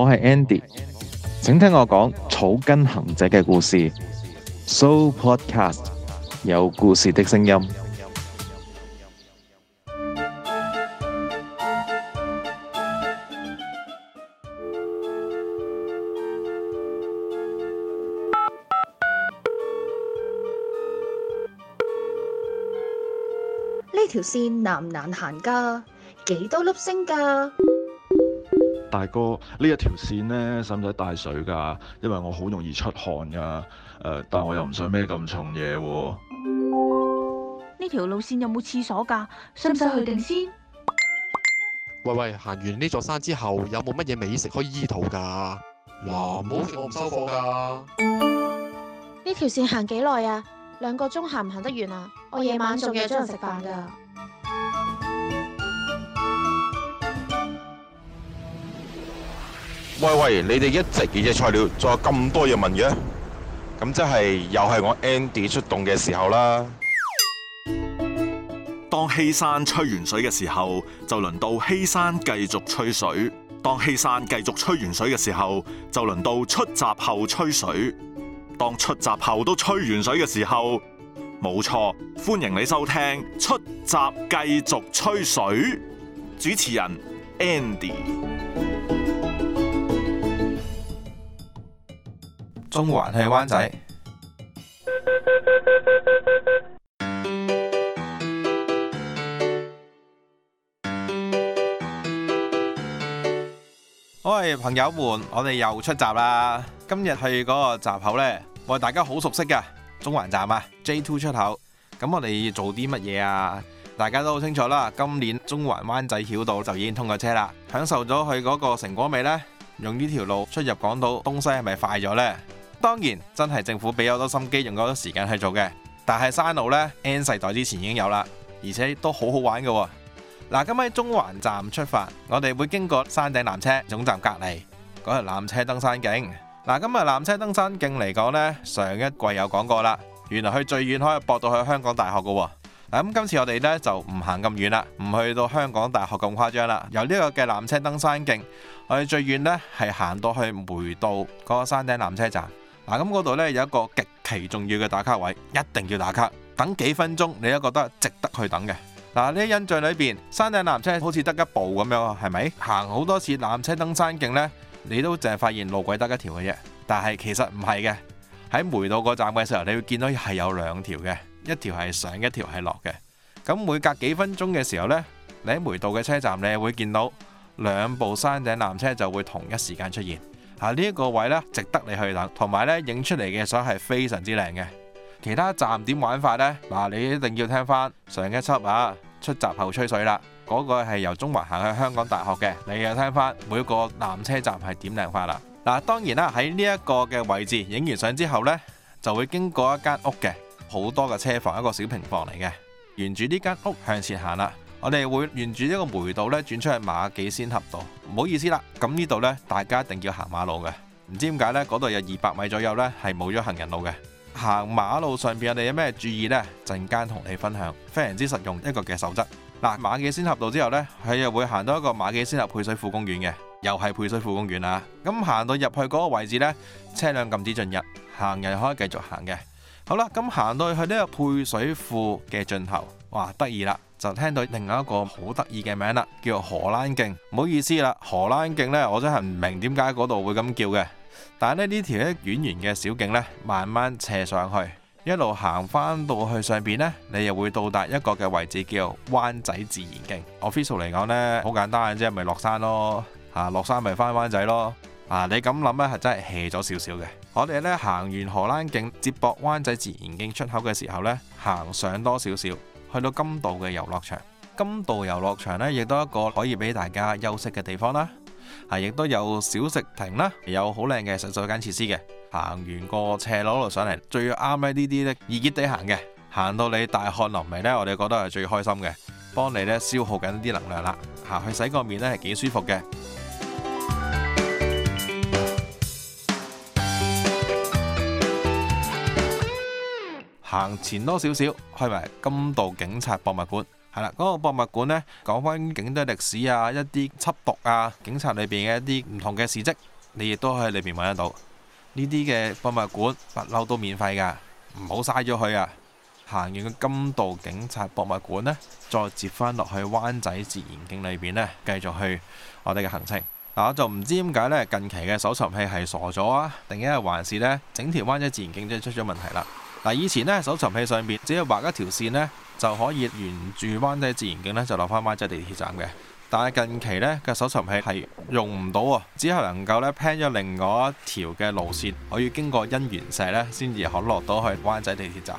我係 Andy，請聽我講草根行者嘅故事。So Podcast，有故事嘅聲音。呢條線難唔難行㗎？幾多粒星㗎？大哥，這一條呢一條線呢，使唔使帶水噶？因為我好容易出汗噶。誒、呃，但我又唔想孭咁重嘢，哦。呢條路線有冇廁所噶？使唔使去定先？喂喂，行完呢座山之後有冇乜嘢美食可以醫肚噶？嗱，啊，冇好我唔收貨噶。呢條線行幾耐啊？兩個鐘行唔行得完啊？我夜晚仲約咗人食飯噶。喂喂，你哋一直熱嘅菜鳥，仲有咁多嘢問嘅，咁即係又係我 Andy 出動嘅時候啦。當希山吹完水嘅時候，就輪到希山繼續吹水。當希山繼續吹完水嘅時候，就輪到出閘後吹水。當出閘後都吹完水嘅時候，冇錯，歡迎你收聽出閘繼續吹水。主持人 Andy。中環去灣仔，我係朋友們，我哋又出閘啦。今日去嗰個閘口咧，喂，大家好熟悉噶中環站啊，J Two 出口。咁我哋做啲乜嘢啊？大家都好清楚啦。今年中環灣仔繞道就已經通過車啦，享受咗去嗰個成果未呢？用呢條路出入港島東西係咪快咗呢？當然，真係政府俾好多心機，用好多時間去做嘅。但係山路呢，N 世代之前已經有啦，而且都好好玩嘅、哦。嗱，咁喺中環站出發，我哋會經過山頂纜車總站隔離嗰個纜車登山徑。嗱，今日纜車登山徑嚟講呢，上一季有講過啦，原來去最遠可以駁到去香港大學嘅、哦。嗱，咁今次我哋呢，就唔行咁遠啦，唔去到香港大學咁誇張啦。由呢個嘅纜車登山徑，我哋最遠呢，係行到去梅道嗰、那個山頂纜車站。嗱，咁嗰度咧有一個極其重要嘅打卡位，一定要打卡。等幾分鐘，你都覺得值得去等嘅。嗱，呢印象裏面，山頂纜車好似得一部咁樣，係咪？行好多次纜車登山徑呢，你都淨係發現路軌得一條嘅啫。但係其實唔係嘅，喺梅道個站嘅時候，你會見到係有兩條嘅，一條係上，一條係落嘅。咁每隔幾分鐘嘅時候呢，你喺梅道嘅車站，你會見到兩部山頂纜車就會同一時間出現。嗱，呢一個位咧，值得你去諗，同埋咧，影出嚟嘅相係非常之靚嘅。其他站點玩法咧，嗱，你一定要聽翻上一輯啊，出閘後吹水啦。嗰個係由中環行去香港大學嘅，你又聽翻每個纜車站係點靚法啦。嗱，當然啦，喺呢一個嘅位置影完相之後咧，就會經過一間屋嘅，好多嘅車房，一個小平房嚟嘅。沿住呢間屋向前行啦。我哋會沿住呢個梅道咧轉出去馬己仙峽道，唔好意思啦，咁呢度咧大家一定要行馬路嘅，唔知點解呢，嗰度有二百米左右呢係冇咗行人路嘅。行馬路上邊我哋有咩注意呢？陣間同你分享，非常之實用一個嘅守則。嗱，馬己仙峽道之後呢，佢又會行到一個馬己仙峽配水庫公園嘅，又係配水庫公園啊。咁行到入去嗰個位置呢，車輛禁止進入，行人可以繼續行嘅。好啦，咁行到去呢個配水庫嘅盡頭，哇，得意啦，就聽到另外一個好得意嘅名啦，叫荷蘭徑。唔好意思啦，荷蘭徑呢，我真係唔明點解嗰度會咁叫嘅。但係呢條咧蜿蜒嘅小徑呢，慢慢斜上去，一路行翻到去上邊呢，你又會到達一個嘅位置叫灣仔自然徑。official 嚟講呢，好簡單即啫，咪落山咯，吓落山咪翻灣仔咯。啊，你咁諗呢，係真係斜咗少少嘅。我哋咧行完荷蘭徑、接駁灣仔自然徑出口嘅時候呢，行上多少少，去到甘道嘅遊樂場。甘道遊樂場呢，亦都一個可以俾大家休息嘅地方啦，啊，亦都有小食亭啦，有好靚嘅洗手間設施嘅。行完個斜路路上嚟，最啱咧呢啲咧熱熱地行嘅，行到你大汗淋漓呢，我哋覺得係最開心嘅，幫你咧消耗緊啲能量啦，行去洗個面呢，係幾舒服嘅。行前多少少去埋金道警察博物館係啦。嗰個博物館呢，講翻警隊歷史啊，一啲緝毒啊，警察裏邊嘅一啲唔同嘅事跡，你亦都可以喺裏邊揾得到呢啲嘅博物館，不嬲都免費噶，唔好嘥咗佢啊！行完個金道警察博物館呢，再接返落去灣仔自然徑裏邊呢，繼續去我哋嘅行程嗱。我就唔知點解呢，近期嘅搜尋器係傻咗啊，定係還是呢？整條灣仔自然徑都係出咗問題啦？嗱，以前呢，搜尋器上邊只要畫一條線呢，就可以沿住灣仔自然徑呢就落返灣仔地鐵站嘅。但係近期呢，個搜尋器係用唔到啊，只係能夠呢，plan 咗另外一條嘅路線，我要經過姻緣石呢，先至可落到去灣仔地鐵站。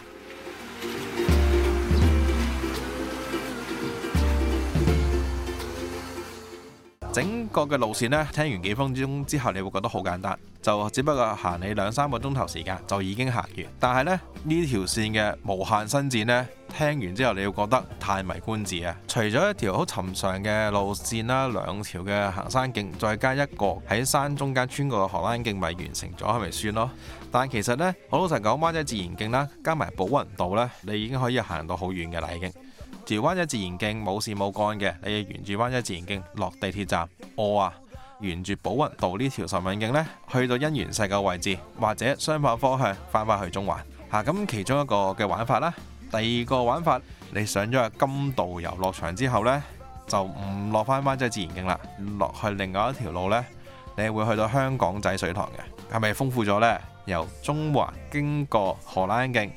整個嘅路線咧，聽完幾分鐘之後，你會覺得好簡單，就只不過行你兩三個鐘頭時間就已經行完。但係咧，呢條線嘅無限伸展咧，聽完之後你會覺得歎為觀止啊！除咗一條好尋常嘅路線啦，兩條嘅行山徑，再加一個喺山中間穿過嘅荷蘭徑，咪完成咗，係咪算咯？但其實呢，好老實講，灣仔自然徑啦，加埋寶雲道呢，你已經可以行到好遠嘅啦，已經。條灣仔自然徑冇事冇幹嘅，你沿住灣仔自然徑落地鐵站哦，啊！沿住寶雲道呢條十韻徑呢，去到姻緣石嘅位置或者相反方向翻返去中環吓。咁其中一個嘅玩法啦，第二個玩法，你上咗去金道遊樂場之後呢，就唔落返灣仔自然徑啦，落去另外一條路呢，你會去到香港仔水塘嘅，係咪豐富咗呢？由中環經過荷蘭徑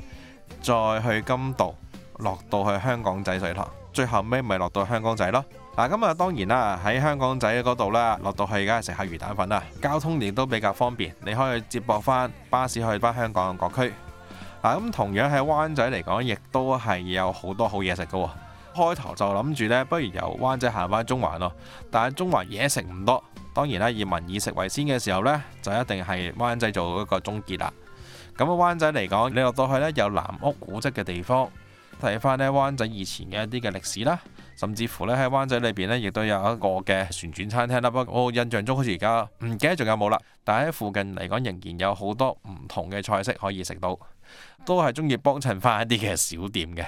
再去金道。落到去香港仔水塘，最後尾咪落到香港仔咯。嗱，咁啊當然啦，喺香港仔嗰度啦，落到去梗係食下魚蛋粉啦。交通亦都比較方便，你可以接駁返巴士去返香港嘅各區。嗱，咁同樣喺灣仔嚟講，亦都係有好多好嘢食嘅。開頭就諗住呢，不如由灣仔行返中環咯。但係中環嘢食唔多，當然啦，以民以食為先嘅時候呢，就一定係灣仔做一個終結啦。咁啊，灣仔嚟講，你落到去呢，有南屋古跡嘅地方。睇翻咧灣仔以前嘅一啲嘅歷史啦，甚至乎咧喺灣仔裏邊咧，亦都有一個嘅旋轉餐廳啦。不過我印象中好似而家唔記得仲有冇啦，但係喺附近嚟講，仍然有好多唔同嘅菜式可以食到，都係中意幫襯翻一啲嘅小店嘅。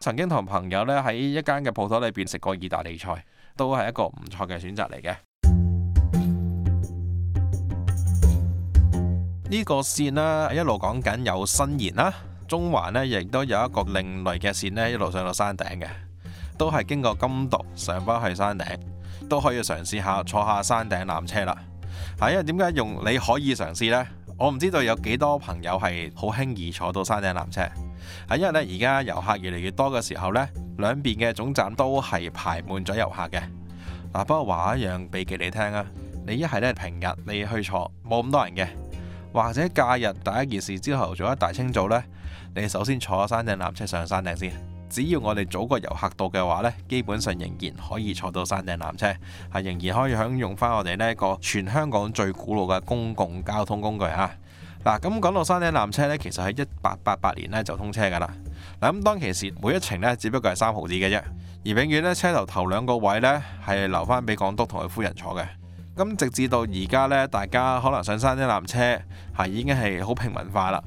曾經同朋友咧喺一間嘅鋪頭裏邊食過意大利菜，都係一個唔錯嘅選擇嚟嘅。呢 個線啦、啊，一路講緊有新言啦、啊。中環呢亦都有一個另類嘅線呢一路上到山頂嘅，都係經過金獨上返去山頂，都可以嘗試下坐下山頂纜車啦。嚇，因為點解用你可以嘗試呢。我唔知道有幾多朋友係好輕易坐到山頂纜車。嚇，因為呢而家遊客越嚟越多嘅時候呢兩邊嘅總站都係排滿咗遊客嘅嗱。不過話一樣秘籍你聽啊，你一係咧平日你去坐冇咁多人嘅，或者假日第一件事朝頭早一大清早呢。你首先坐山頂纜車上山頂先，只要我哋早過遊客到嘅話呢，基本上仍然可以坐到山頂纜車，係仍然可以享用翻我哋呢一個全香港最古老嘅公共交通工具啊！嗱，咁講到山頂纜車呢，其實喺一八八八年呢就通車噶啦。嗱，咁當其時每一程呢，只不過係三毫子嘅啫，而永遠呢，車頭頭兩個位呢，係留翻俾港督同佢夫人坐嘅。咁直至到而家呢，大家可能上山頂纜車係已經係好平民化啦。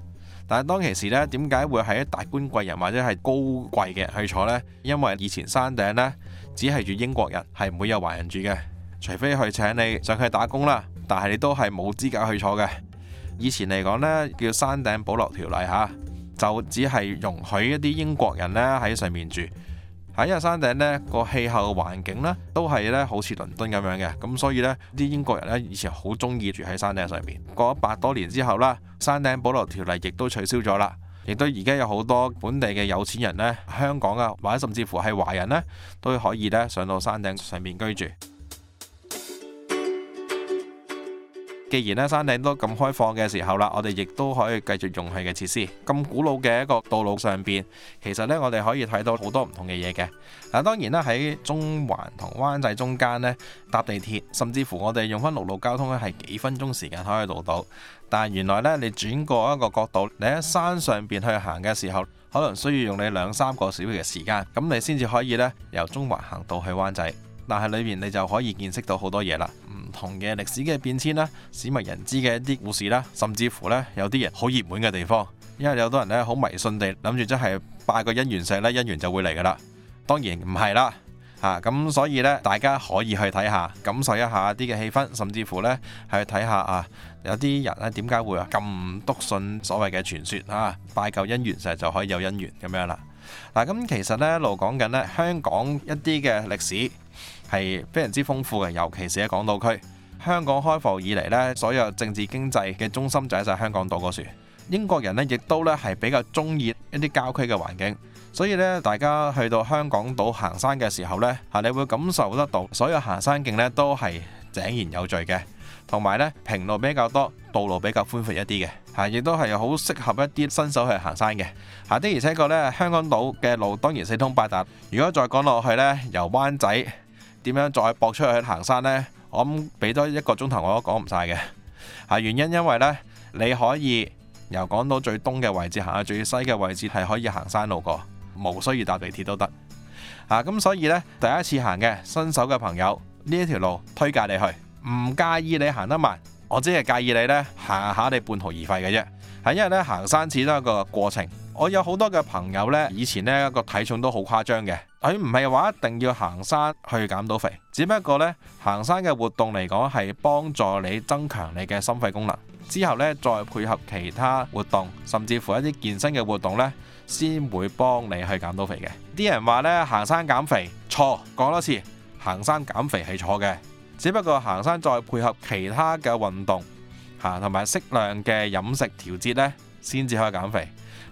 但係當其時咧，點解會係一大官貴人或者係高貴嘅人去坐呢？因為以前山頂呢，只係住英國人，係唔會有華人住嘅，除非佢請你上去打工啦，但係你都係冇資格去坐嘅。以前嚟講呢，叫山頂保留條例嚇，就只係容許一啲英國人呢喺上面住。喺呢個山頂咧，個氣候環境咧，都係咧好似倫敦咁樣嘅，咁所以咧，啲英國人咧以前好中意住喺山頂上面。過咗百多年之後啦，山頂保留條例亦都取消咗啦，亦都而家有好多本地嘅有錢人咧、香港啊，或者甚至乎係華人咧，都可以咧上到山頂上面居住。既然咧山頂都咁開放嘅時候啦，我哋亦都可以繼續用佢嘅設施。咁古老嘅一個道路上邊，其實呢，我哋可以睇到好多唔同嘅嘢嘅。嗱，當然啦，喺中環同灣仔中間呢，搭地鐵，甚至乎我哋用翻陸路交通呢係幾分鐘時間可以到到。但係原來呢，你轉過一個角度，你喺山上邊去行嘅時候，可能需要用你兩三個小時嘅時間，咁你先至可以呢，由中環行到去灣仔。但係裏面你就可以見識到好多嘢啦，唔同嘅歷史嘅變遷啦，鮮為人知嘅一啲故事啦，甚至乎呢，有啲人好熱門嘅地方，因為有好多人呢好迷信地諗住，即係拜個姻緣石呢，姻緣就會嚟噶啦。當然唔係啦，吓、啊、咁所以呢，大家可以去睇下，感受一下啲嘅氣氛，甚至乎呢，係去睇下啊，有啲人呢點解會咁篤信所謂嘅傳說啊，拜嚿姻緣石就可以有姻緣咁樣啦。嗱、啊、咁其實呢，一路講緊呢，香港一啲嘅歷史。係非常之豐富嘅，尤其是喺港島區。香港開埠以嚟呢，所有政治經濟嘅中心就喺晒香港島嗰處。英國人呢，亦都呢係比較中意一啲郊區嘅環境，所以呢大家去到香港島行山嘅時候呢，嚇，你會感受得到所有行山徑呢都係井然有序嘅，同埋呢平路比較多，道路比較寬闊一啲嘅嚇，亦都係好適合一啲新手去行山嘅嚇。的而且確呢，香港島嘅路當然是四通八達。如果再講落去呢，由灣仔。點樣再駁出去行山呢？我諗俾多一個鐘頭我都講唔晒嘅。啊，原因因為呢，你可以由港島最東嘅位置行到最西嘅位置，係可以行山路過，無需要搭地鐵都得。啊，咁所以呢，第一次行嘅新手嘅朋友呢一條路推介你去，唔介意你行得慢，我只係介意你呢行下你半途而廢嘅啫。係因為呢，行山始終一個過程。我有好多嘅朋友呢，以前呢個體重都好誇張嘅。佢唔係話一定要行山去減到肥，只不過呢，行山嘅活動嚟講係幫助你增強你嘅心肺功能。之後呢，再配合其他活動，甚至乎一啲健身嘅活動呢，先會幫你去減到肥嘅。啲人話呢，行山減肥錯，講多次行山減肥係錯嘅，只不過行山再配合其他嘅運動行同埋適量嘅飲食調節呢，先至可以減肥。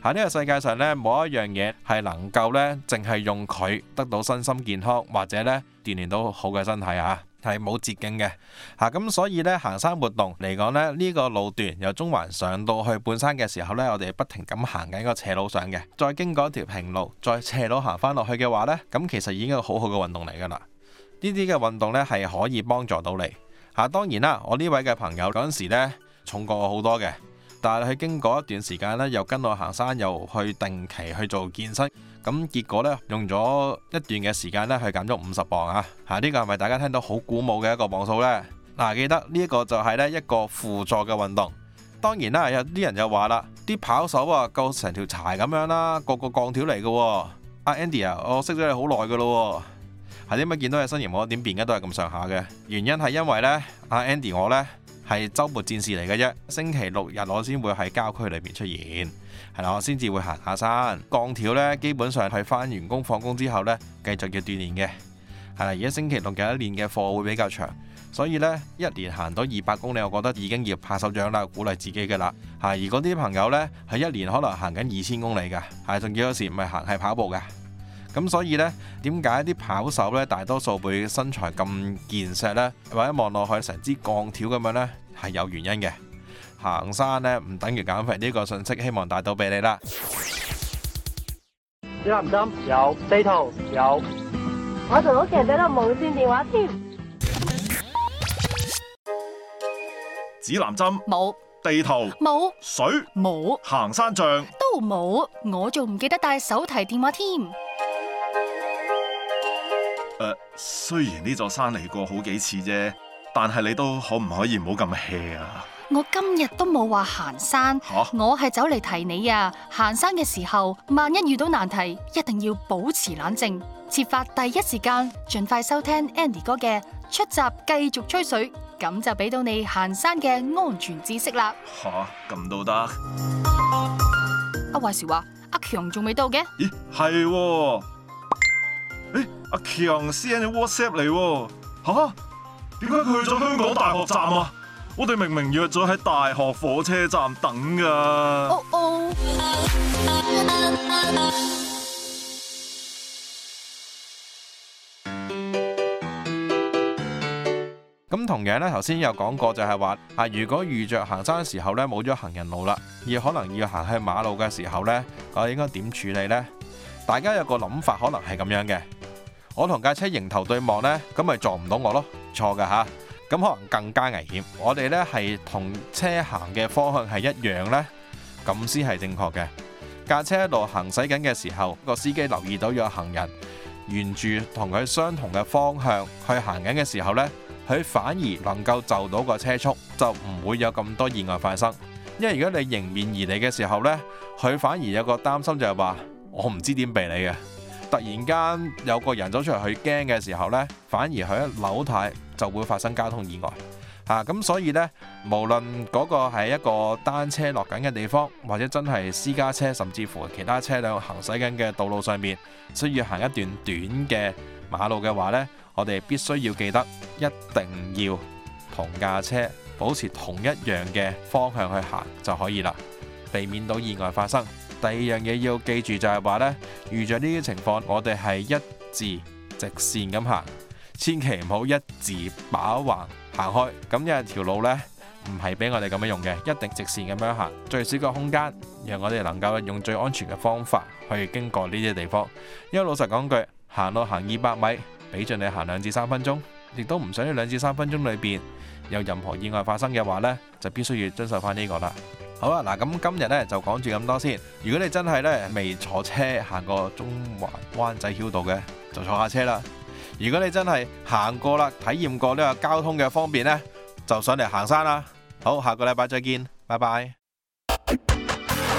喺呢個世界上呢，冇一樣嘢係能夠呢，淨係用佢得到身心健康，或者呢，鍛煉到好嘅身體啊，係冇捷徑嘅。啊，咁所以呢，行山活動嚟講呢，呢個路段由中環上到去半山嘅時候呢，我哋不停咁行緊個斜路上嘅，再經過一條平路，再斜路行翻落去嘅話呢，咁其實已經係好好嘅運動嚟噶啦。呢啲嘅運動呢，係可以幫助到你。啊，當然啦，我呢位嘅朋友嗰陣時咧重過我好多嘅。但係佢經過一段時間咧，又跟我行山，又去定期去做健身，咁結果咧，用咗一段嘅時間咧，去減咗五十磅啊！吓，呢個係咪大家聽到好鼓舞嘅一個磅數咧？嗱，記得呢一個就係咧一個輔助嘅運動。當然啦，有啲人就話啦，啲跑手啊，夠成條柴咁樣啦，個個鋼條嚟嘅。阿 Andy 啊，我識咗你好耐嘅咯，係點解見到你身形冇點變嘅都係咁上下嘅？原因係因為咧，阿 Andy 我咧。係周末戰士嚟嘅啫，星期六日我先會喺郊區裏邊出現，係啦，我先至會行下山。鋼條呢，基本上係返完工放工之後呢繼續要鍛煉嘅。係啦，而家星期六嘅一年嘅課會比較長，所以呢一年行到二百公里，我覺得已經要拍手掌啦，鼓勵自己嘅啦。係，而嗰啲朋友呢，係一年可能行緊二千公里嘅，係，仲有時唔係行係跑步嘅。咁所以咧，點解啲跑手咧大多數會身材咁健碩咧，或者望落去成支鋼條咁樣咧，係有原因嘅。行山咧唔等於減肥呢個信息，希望帶到俾你啦。指南針有，地圖有，我仲好記得帶無線電話添。指南針冇，地圖冇，水冇，行山杖都冇，我仲唔記得帶手提電話添。雖然呢座山嚟過好幾次啫，但係你都可唔可以唔好咁 hea 啊？我今日都冇話行山，啊、我係走嚟提你呀。行山嘅時候，萬一遇到難題，一定要保持冷靜，設法第一時間盡快收聽 Andy 哥嘅出集，繼續吹水，咁就俾到你行山嘅安全知識啦。吓、啊，咁都得？阿華時話阿強仲未到嘅？咦，係？阿強 send 咗 WhatsApp 嚟。啊啊，吓，點解佢去咗香港大學站啊？我哋明明約咗喺大學火車站等噶。咁同樣咧，頭先，哦哦、有講過，就係話啊，如果遇着行山嘅時候咧，冇咗行人路啦，而可能要行去馬路嘅時候咧，我應該點處理咧？大家有個諗法，可能係咁樣嘅。我同架車迎頭對望呢，咁咪撞唔到我咯？錯噶。吓，咁可能更加危險。我哋呢係同車行嘅方向係一樣呢，咁先係正確嘅。架車一路行駛緊嘅時候，個司機留意到有行人沿住同佢相同嘅方向去行緊嘅時候呢，佢反而能夠就到個車速，就唔會有咁多意外發生。因為如果你迎面而嚟嘅時候呢，佢反而有個擔心就係話，我唔知點避你嘅。突然間有個人走出去，佢驚嘅時候呢，反而佢一扭軚就會發生交通意外咁、啊、所以呢，無論嗰個係一個單車落緊嘅地方，或者真係私家車，甚至乎其他車輛行駛緊嘅道路上面，需要行一段短嘅馬路嘅話呢，我哋必須要記得一定要同架車保持同一樣嘅方向去行就可以啦，避免到意外發生。第二樣嘢要記住就係話呢，遇着呢啲情況，我哋係一字直線咁行，千祈唔好一字把橫行開。咁因為條路呢，唔係俾我哋咁樣用嘅，一定直線咁樣行，最少個空間讓我哋能夠用最安全嘅方法去經過呢啲地方。因為老實講句，行到行二百米，俾盡你行兩至三分鐘，亦都唔想呢兩至三分鐘裏邊有任何意外發生嘅話呢，就必須要遵守翻呢個啦。好啦，嗱，咁今日咧就講住咁多先。如果你真係咧未坐車行過中環灣仔曉道嘅，就坐下車啦。如果你真係行過啦，體驗過呢個交通嘅方便咧，就上嚟行山啦。好，下個禮拜再見，拜拜。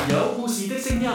有故事的聲音